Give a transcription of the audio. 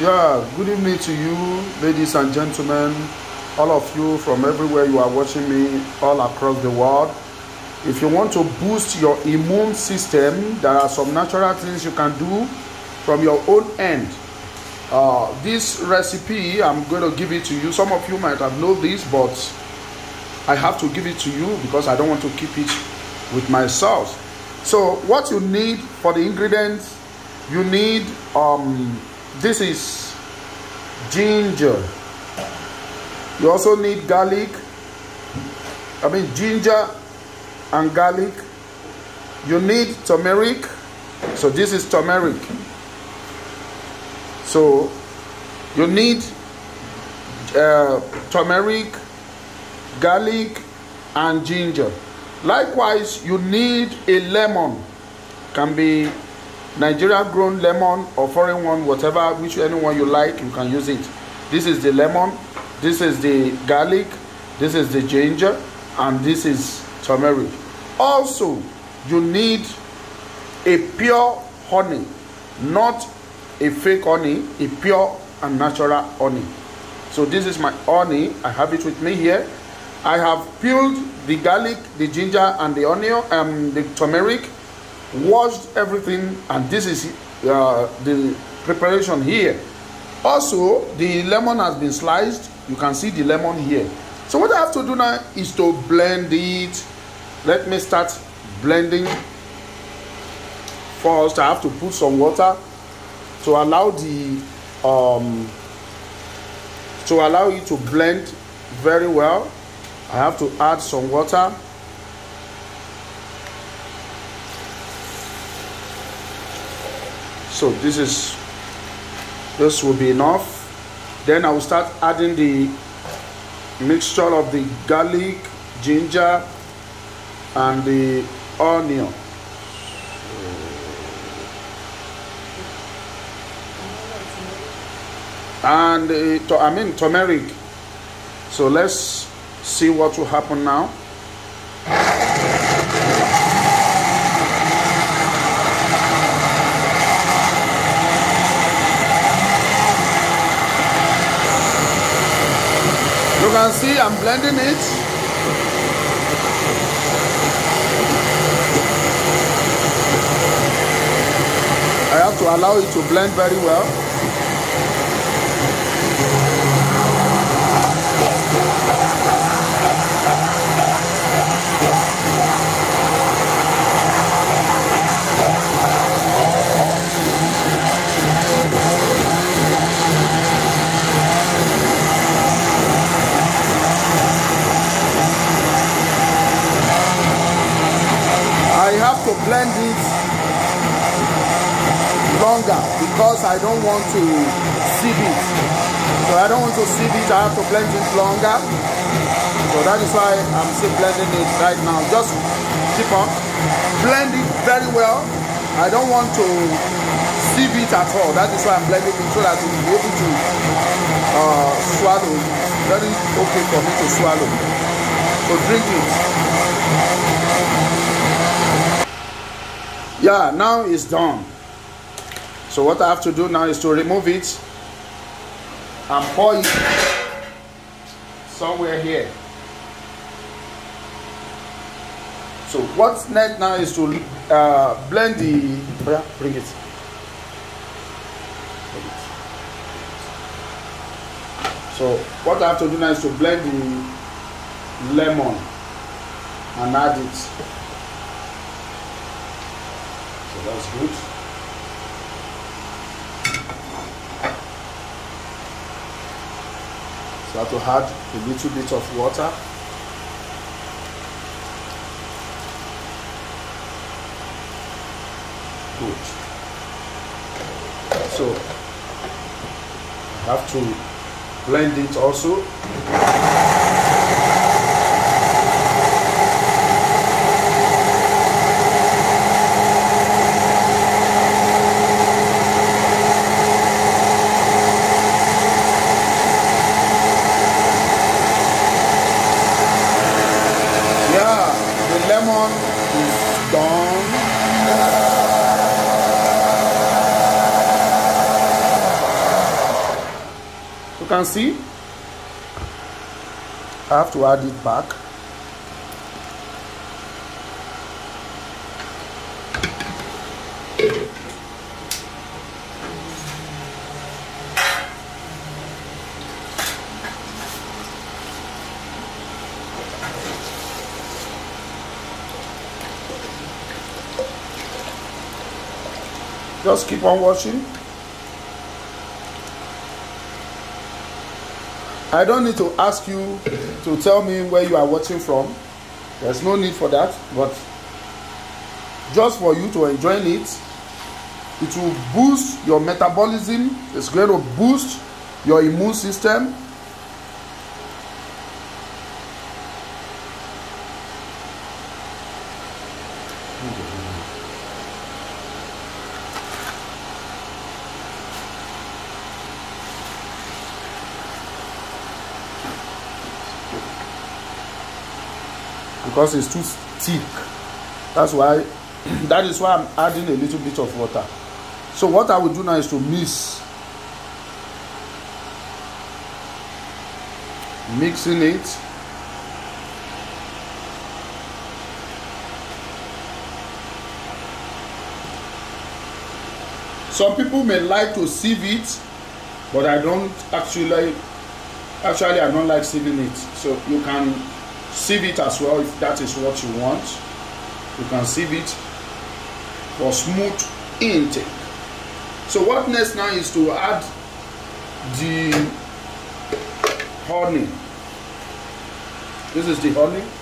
Yeah, good evening to you, ladies and gentlemen, all of you from everywhere you are watching me, all across the world. If you want to boost your immune system, there are some natural things you can do from your own end. Uh, this recipe, I'm going to give it to you. Some of you might have known this, but I have to give it to you because I don't want to keep it with myself. So, what you need for the ingredients, you need um, this is ginger you also need garlic i mean ginger and garlic you need turmeric so this is turmeric so you need uh, turmeric garlic and ginger likewise you need a lemon can be Nigeria grown lemon or foreign one, whatever, which anyone you like, you can use it. This is the lemon, this is the garlic, this is the ginger, and this is turmeric. Also, you need a pure honey, not a fake honey, a pure and natural honey. So this is my honey. I have it with me here. I have peeled the garlic, the ginger, and the onion, and um, the turmeric washed everything and this is uh, the preparation here also the lemon has been sliced you can see the lemon here so what i have to do now is to blend it let me start blending first i have to put some water to allow the um to allow it to blend very well i have to add some water so this is this will be enough then I will start adding the mixture of the garlic ginger and the onion and uh, I mean turmeric so let's see what will happen now see I'm blending it. I have to allow it to blend very well. blend it longer because I don't want to sieve it. So I don't want to sieve it, I have to blend it longer. So that is why I'm still blending it right now. Just keep on. Blend it very well. I don't want to sieve it at all. That is why I'm blending it so that it will be able to uh, swallow. Very okay for me to swallow. So drink it yeah now it's done so what I have to do now is to remove it and pour it somewhere here so what's next now is to uh, blend the bring it So what I have to do now is to blend the lemon and add it so that's good. So I have to add a little bit of water. Good. So I have to blend it also. can see I have to add it back just keep on watching I don't need to ask you to tell me where you are watching from. There's no need for that, but just for you to enjoy it, it will boost your metabolism, it's going to boost your immune system, because it's too thick that's why that is why i'm adding a little bit of water so what i will do now is to mix mixing it some people may like to sieve it but i don't actually actually i don't like sieving it so you can sieve it as well if that is what you want you can sieve it for smooth intake so what next now is to add the honey this is the honey